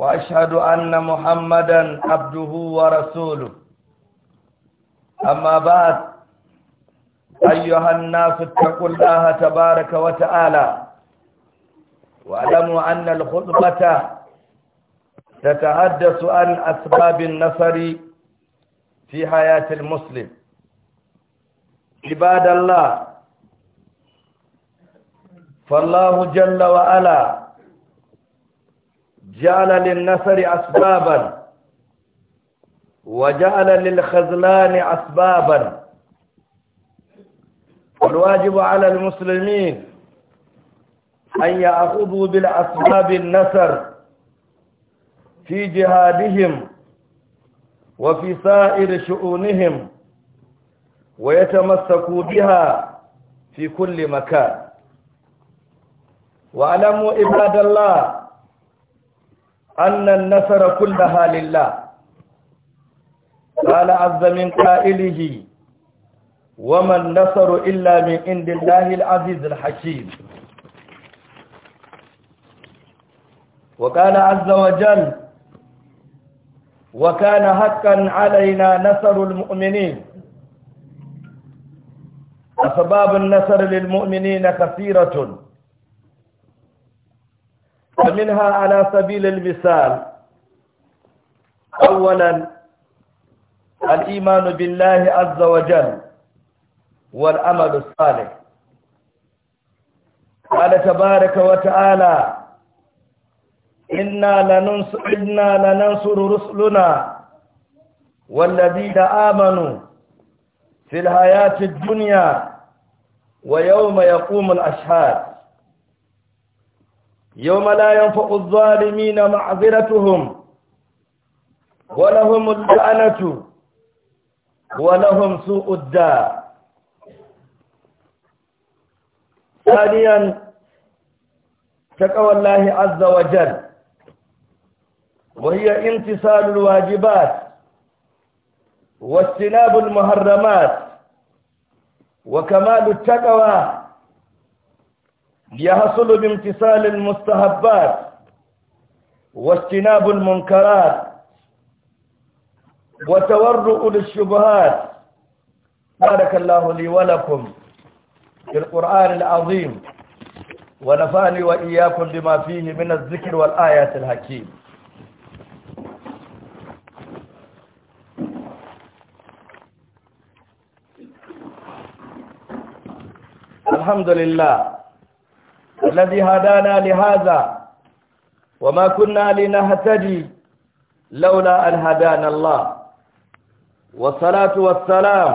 وأشهد أن محمدا عبده ورسوله أما بعد أيها الناس اتقوا الله تبارك وتعالى واعلموا أن الخطبة تتحدث عن أسباب النصر في حياة المسلم عباد الله فالله جل وعلا جعل للنصر أسبابا وجعل للخذلان أسبابا والواجب على المسلمين أن يأخذوا بالأسباب النصر في جهادهم وفي سائر شؤونهم ويتمسكوا بها في كل مكان واعلموا عباد الله annan nasara kun da halilla ƙala azamin ƙa’ilihi waman nasaru illa min indin lahil azizin hakim wa ƙala azawajen wa haƙƙan alaina nasarul mu’amini a sababin nasarar mu’amini na kafiratun فمنها على سبيل المثال أولا الإيمان بالله عز وجل والأمل الصالح قال تبارك وتعالى إنا لننصر, إنا لننصر رسلنا والذين آمنوا في الحياة الدنيا ويوم يقوم الأشهاد يوم لا ينفع الظالمين معذرتهم ولهم اللعنة ولهم سوء الدار ثانيا تقوى الله عز وجل وهي امتثال الواجبات واجتناب المحرمات وكمال التقوى يحصل بامتثال المستحبات واجتناب المنكرات وتورع للشبهات بارك الله لي ولكم في القرآن العظيم ونفعني وإياكم بما فيه من الذكر والآيات الحكيم الحمد لله الذي هدانا لهذا وما كنا لنهتدي لولا أن هدانا الله والصلاة والسلام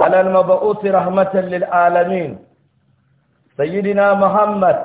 على المبعوث رحمة للعالمين سيدنا محمد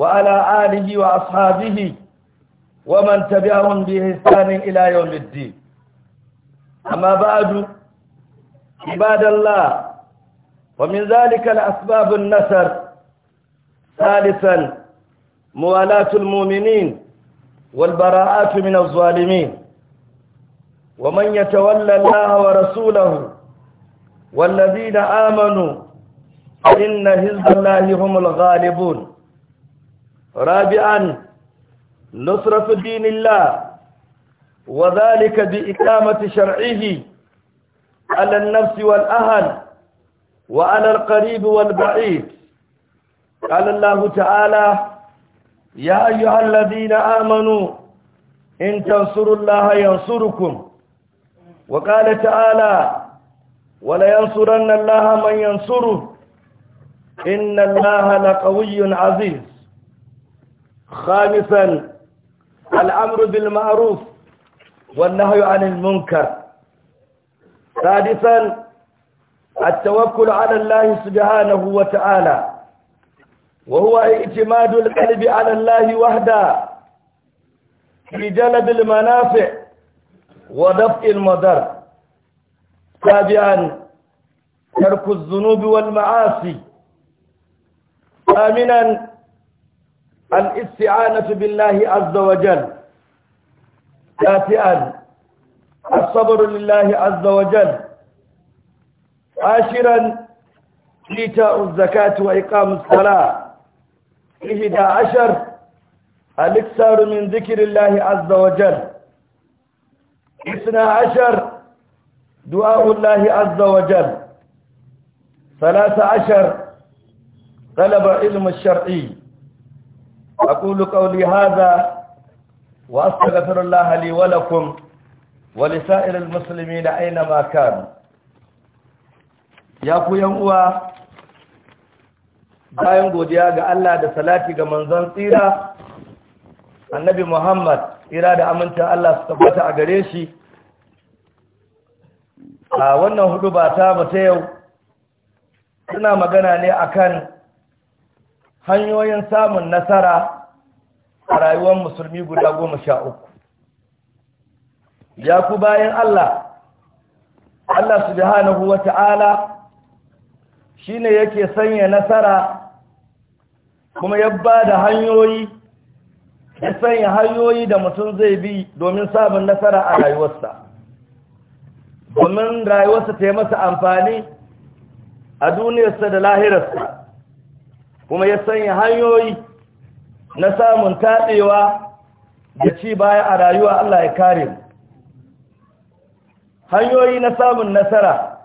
وعلى آله وأصحابه ومن تبعهم بإحسان إلى يوم الدين أما بعد عباد الله ومن ذلك الأسباب النسر ثالثا موالاة المؤمنين والبراءات من الظالمين ومن يتولى الله ورسوله والذين آمنوا إن حزب الله هم الغالبون رابعا نصرة دين الله وذلك بإقامة شرعه على النفس والأهل وعلى القريب والبعيد قال الله تعالى يا أيها الذين آمنوا إن تنصروا الله ينصركم وقال تعالى ولينصرن الله من ينصره إن الله لقوي عزيز خامسا الأمر بالمعروف والنهي عن المنكر سادسا التوكل على الله سبحانه وتعالى وهو اعتماد القلب على الله وحده في جلب المنافع ودفع المضر سابعا ترك الذنوب والمعاصي ثامنا الاستعانة بالله عز وجل تاسعا الصبر لله عز وجل عاشرا إيتاء الزكاة وإقام الصلاة 11 al-iksar min dhikrillah azza wa jalla 12 du'a'ullah azza wa jalla 13 talab ilm ash-shar'i aqulu qawli hadha wa astaghfirullah li wa lakum wa li sa'iril muslimin yan uwa bayan godiya ga Allah da salati ga manzon tsira annabi Muhammad tsira da amincin Allah su tabbata a gare shi a wannan hudu ba ta ba ta yau suna magana ne akan hanyoyin samun nasara a rayuwar musulmi guda goma sha uku ya ku bayan Allah Allah subhanahu wa ta'ala shi ne yake sanya nasara kuma ya ba da hanyoyi ya sanya hanyoyi da mutum zai bi domin samun nasara a rayuwarsa domin rayuwarsa ta yi masa amfani a duniyarsa da lahirarsa kuma ya sanya hanyoyi na samun taɗewa da ci baya a rayuwa Allah ya kare mu hanyoyi na samun nasara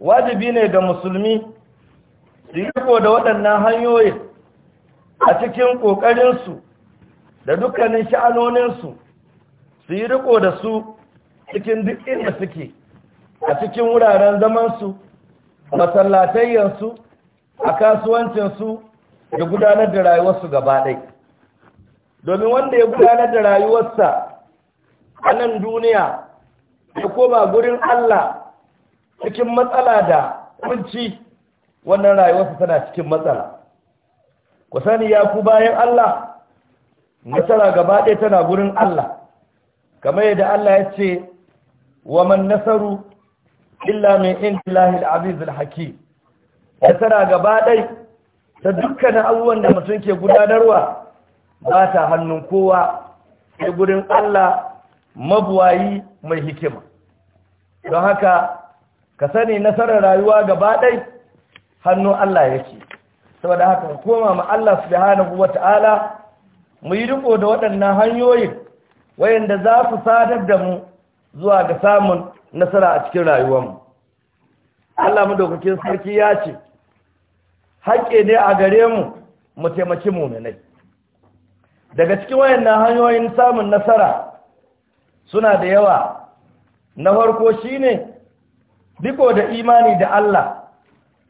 wajibi ne ga musulmi su yi da waɗannan hanyoyin a cikin ƙoƙarinsu da dukkanin sha'anoninsu su yi riko da su cikin duk inda suke a cikin wuraren zamansu masallatayyansu a kasuwancinsu da gudanar da rayuwarsu gaba ɗai domin wanda ya gudanar da rayuwarsa a nan duniya ya koma gurin Allah cikin matsala da kunci wannan rayuwarsa tana cikin matsala ku sani ya ku bayan Allah nasara gaba ɗaya tana gurin Allah kamar yadda Allah ya ce wa man nasaru illa min indillahi al-aziz al-hakim nasara gaba ɗaya ta dukkanin abubuwan da mutum ke gudanarwa ba ta hannun kowa sai gurin Allah mabuwayi mai hikima don haka ka sani nasarar rayuwa gaba ɗaya? hannun Allah yake saboda haka mu koma ma Allah subhanahu wata'ala mu yi riko da waɗannan hanyoyin wayanda za su sadar da mu zuwa ga samun nasara a cikin rayuwarmu Allah mu madaukakin sarki ya ce haƙƙe ne a gare mu mu taimaki muminai daga cikin wayannan hanyoyin samun nasara suna da yawa na farko shine riko da imani da Allah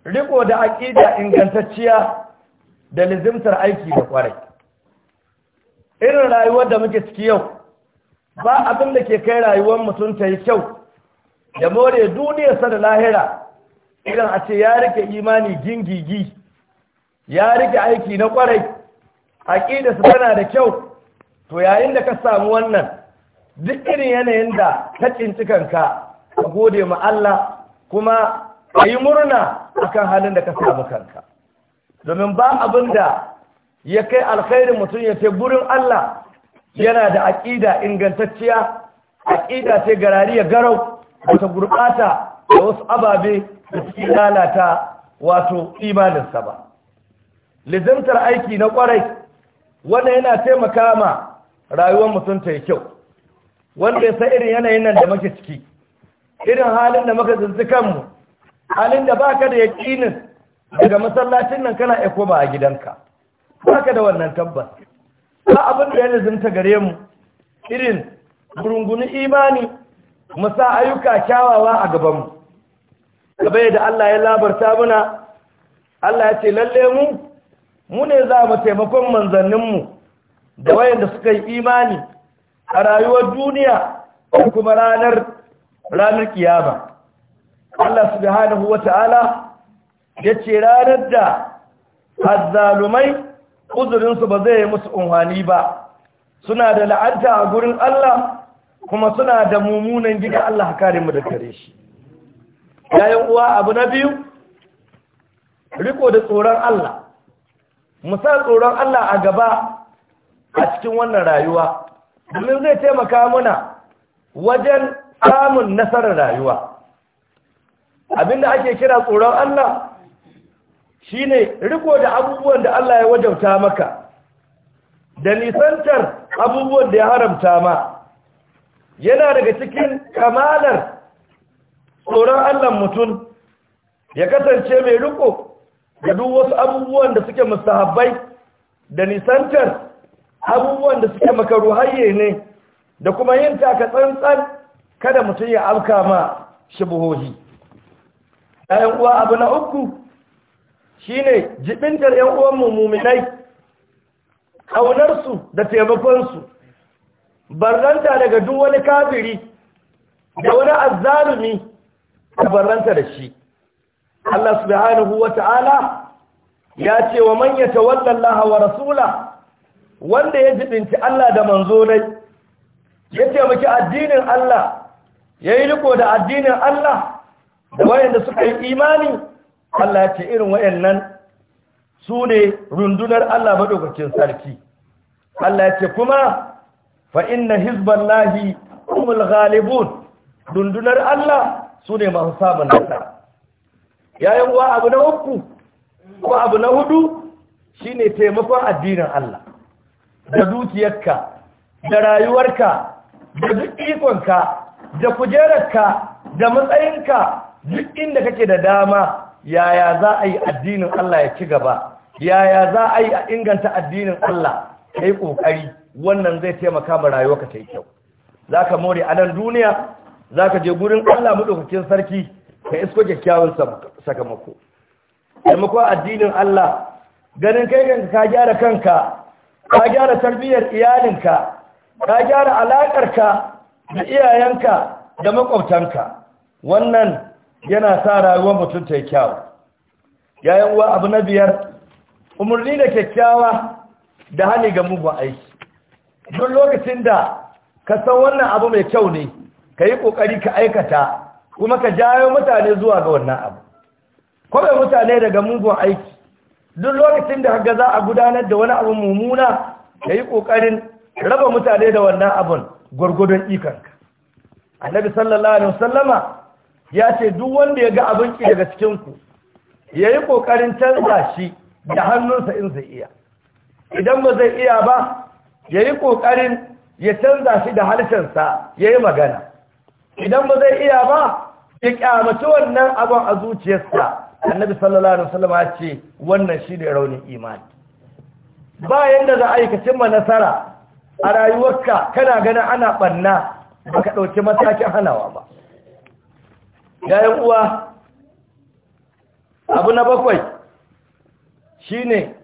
riko da aƙida ingantacciya da lizimtar aiki da kwarai irin rayuwar da muke ciki yau ba abin da ke kai rayuwar mutum ta yi kyau da more duniyarsa da lahira Idan a ce ya rike imani gingigi ya rike aiki na kwarai aƙidarsa tana da kyau to yayin da ka samu wannan duk irin yanayin da ta cinci kanka ka gode ma Allah kuma ka yi murna akan halin da ka samu kanka domin ba abin da ya kai alkhairin mutum ya ce gurin Allah yana da aƙida ingantacciya aƙida ce garari ya garau wata gurɓata da wasu ababe da suke lalata wato imaninsa ba lizimtar aiki na ƙwarai wannan yana taimaka ma rayuwar mutum ta yi kyau wanda ya sa irin yanayin nan da muke ciki irin halin da muka tsinci kanmu halin da baka da yakinin daga masallacin nan kana eko ba a gidanka baka da wannan tabbas ba abin da ya lazimta gare mu irin burungunin imani musa ayyuka kyawawa a gaban mu. Gaba da Allah ya labarta muna Allah ya ce lalle mu mu ne za mu taimakon mu da wayanda suka yi imani a rayuwar duniya kuma ranar ranar kiyama Allah subhanahu ta’ala ya ce ranar da azzalumai uzurinsu ba zai yi musu unhani ba suna da la'anta a gurin Allah kuma suna da mummunan gida Allah kare mu da kare shi yayin uwa abu na biyu riko da tsoron Allah musa tsoron Allah a gaba a cikin wannan rayuwa domin zai taimaka mana wajen samun nasarar rayuwa abinda ake kira tsoron Allah shine riko da abubuwan da Allah ya wajauta maka da nisantar abubuwan da ya haramta ma yana daga cikin kamalar tsoron Allah mutum ya kasance mai riko da duk wasu abubuwan da suke mustahabbai da nisantar abubuwan da suke makaruhayye ne da kuma yin taka tsantsan kada mutum ya afka ma buhohi. ‘yan uwa abu na uku shi ne jibintar ‘yan uwan mummunai ƙaunarsu da taimakonsu barranta daga duk wani kafiri da wani azzalumi da barranta da shi Allah subhanahu wa ta'ala ya ce wa manya wannan wa rasula wanda ya jibinci Allah da manzo dai ya taimaki addinin Allah ya yi riko da addinin Allah da wayanda suka yi imani Allah ya ce irin wayannan su ne rundunar Allah madaukakin sarki Allah ya ce kuma fa inna hizballahi humul ghalibun rundunar Allah su ne masu samun nasara yayin wa abu na uku ko abu na hudu shine taimakon addinin Allah da dukiyarka da rayuwarka da duk ikonka da kujerarka da matsayinka duk inda kake da dama yaya za a yi addinin Allah ya ci gaba yaya za a yi a inganta addinin Allah ka yi ƙoƙari wannan zai taimaka ma rayuwarka ta yi kyau za ka more a nan duniya za ka je gurin Allah maɗaukakin sarki ka isko kyakkyawan sakamako taimako addinin Allah ganin kai kanka ka gyara kanka ka gyara tarbiyyar iyalinka ka gyara alaƙarka da iyayenka da maƙwabtanka wannan yana sa rayuwar mutum ta yi kyawu yayin wa abu na biyar umarni da kyakkyawa da hali ga mugun aiki don lokacin da ka san wannan abu mai kyau ne ka yi ƙoƙari ka aikata kuma ka jayo mutane zuwa ga wannan abu kwabe mutane daga mugun aiki don lokacin da haka za a gudanar da wani abu mummuna ka yi ƙoƙarin raba mutane da wannan abun gwargwadon ikanka annabi sallallahu alaihi wasallama ya ce duk wanda ya ga abin ki daga cikinku ya yi ƙoƙarin canza shi da hannunsa in zai iya idan ba zai iya ba ya yi ƙoƙarin ya canza shi da harshensa ya yi magana idan ba zai iya ba ya ƙyamaci wannan abin a zuciyarsa annabi sallallahu alaihi wasallam ya ce wannan shi ne raunin imani bayan da za a yi ka cimma nasara a rayuwarka kana ganin ana ɓanna ba ka ɗauki matakin hanawa ba yayin uwa abu na bakwai shi ne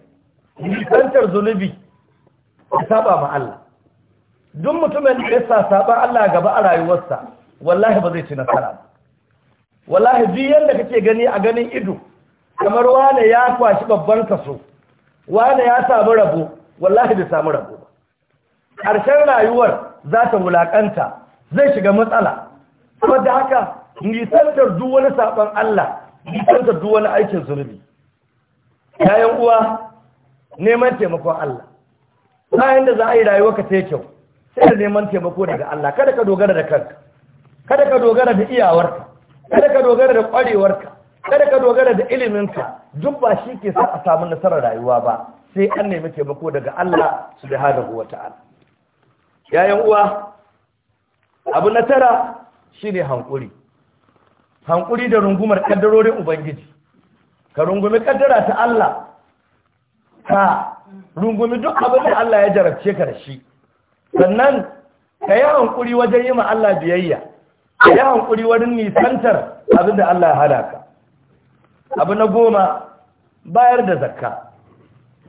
nisantar zunubi ya saba ma Allah duk mutumin da ya sa saba Allah gaba a rayuwarsa wallahi ba zai ci nasara ba wallahi biyan yadda kake gani a ganin ido kamar wane ya kwashi babban kaso wane ya samu rabo wallahi bai samu rabo ba ƙarshen rayuwar za ta wulaƙanta zai shiga matsala saboda haka nisantar duk wani saɓon Allah nisantar duk wani aikin zunubi yayin uwa neman taimakon Allah bayan da za a yi rayuwa ka ta kyau sai da neman taimako daga Allah kada ka dogara da kanka kada ka dogara da iyawarka kada ka dogara da ƙwarewarka kada ka dogara da iliminka duk ba shi ke sa a samu nasarar rayuwa ba sai an nemi taimako daga Allah subhanahu yayan uwa abu na tara shine hankuri hankuri da rungumar kaddarorin ubangiji ka rungumi kaddara ta Allah ka rungumi duk abin da Allah ya jarabce ka da shi sannan ka yi hankuri wajen yi Allah biyayya ka yi hankuri wajen nisantar abin da Allah ya hada ka abu na goma bayar da zakka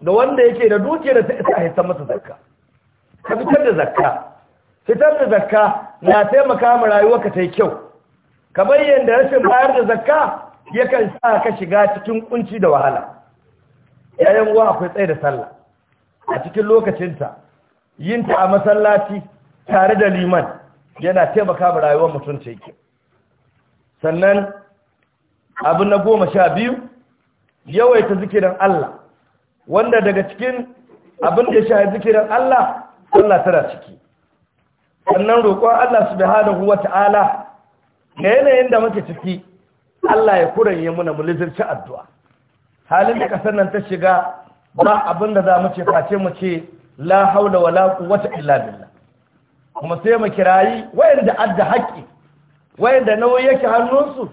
da wanda yake da da ta isa hita masa zakka ka fitar da zakka fitar da zakka na taimaka ma ka ta yi kyau kamar da rashin bayar da zakka yakan sa ka shiga cikin kunci da wahala yayin uwa akwai tsaye da sallah a cikin lokacinta yin ta a masallaci tare da liman yana taimaka ma rayuwar mutum ce sannan abu na goma sha biyu yawaita zikirin Allah wanda daga cikin abin da ya sha zikirin Allah Allah tana ciki sannan roƙon Allah subhanahu ta'ala Na yanayin da muke ciki Allah ya kuranye muna mu lizirci addu'a halin da kasar nan ta shiga ba abin da za mu ce face mu ce la haula wala quwwata illa billah kuma sai mu kirayi wayanda adda haƙi wayanda nauyi yake hannunsu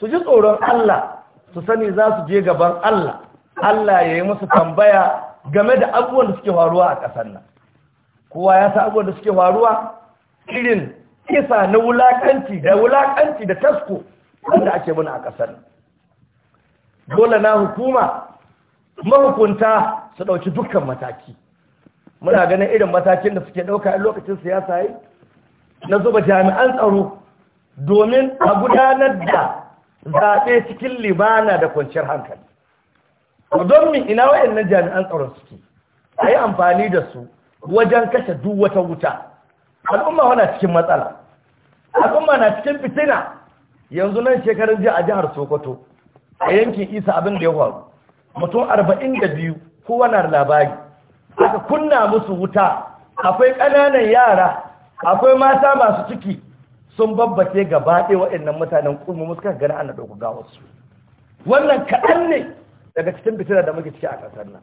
su ji tsoron Allah su sani za su je gaban Allah Allah ya yi musu tambaya game da abubuwan da suke faruwa a ƙasar nan kowa ya sa abubuwan da suke faruwa irin kisa na wulakanci da wulakanci da tasko wanda ake muna a ƙasar dole na hukuma mahukunta su ɗauki dukkan mataki muna ganin irin matakin da suke ɗauka a lokacin siyasa yi na zuba jami'an tsaro domin a gudanar da zaɓe cikin libana da kwanciyar hankali don mi ina na jami'an tsaron suke a yi amfani da su wajen kashe duk wata wuta al'umma wana cikin matsala al'umma na cikin fitina yanzu nan shekarun jiya a jihar sokoto a yankin isa abin da ya faru mutum arba'in da biyu kowane labari aka kunna musu wuta akwai ƙananan yara akwai mata masu ciki sun babbace gaba ɗaya waɗannan mutanen kuma musu kan gani ana ɗauku wasu. wannan kaɗan ne daga cikin fitina da muke ciki a ƙasar nan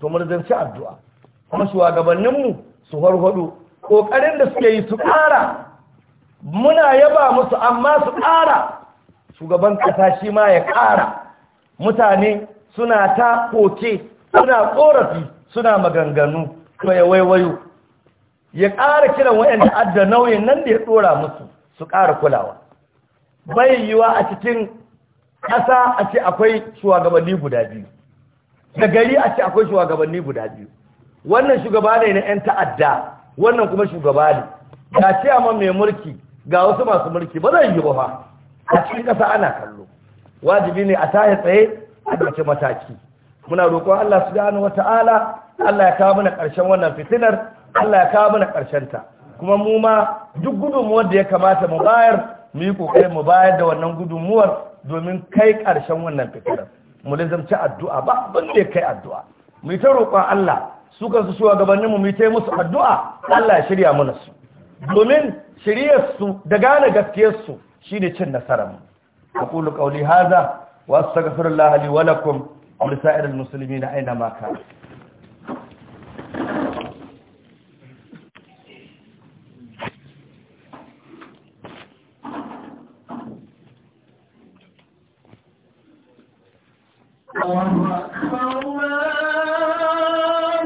to mu addu'a kuma shugabanninmu su harhaɗu ƙoƙarin da suke yi su ƙara muna yaba musu amma su ƙara shugaban ƙasa shi ma ya ƙara mutane suna ta koke suna ƙorafi suna maganganu kuma ya waiwayo ya ƙara kiran waɗanda adda nauyin nan da ya ɗora musu su ƙara kulawa bai yiwa a cikin ƙasa a ce akwai shugabanni guda biyu da gari a ce akwai shugabanni guda biyu wannan shugaba ne na 'yan ta'adda wannan kuma shugaba ne ga ce amma mai mulki ga wasu masu mulki ba zai yi ba a cikin ƙasa ana kallo wajibi ne a tahi tsaye a ɗauki mataki muna roƙon Allah subhanahu Ta'ala. Allah ya kawo mana ƙarshen wannan fitinar Allah ya kawo mana ƙarshen ta kuma mu ma duk gudunmuwar da ya kamata mu bayar mu yi ƙoƙarin mu bayar da wannan gudunmuwar domin kai ƙarshen wannan fitinar mu lazamci addu'a ba abin da ya kai addu'a mu yi ta roƙon Allah su kansu shugabannin mu mita musu addu'a Allah ya shirya mana su domin shiryar su da gane gaskiyar su shine cin nasarar mu aqulu qawli hadha wa astaghfirullaha li wa lakum wa lisa'iril muslimina aina ma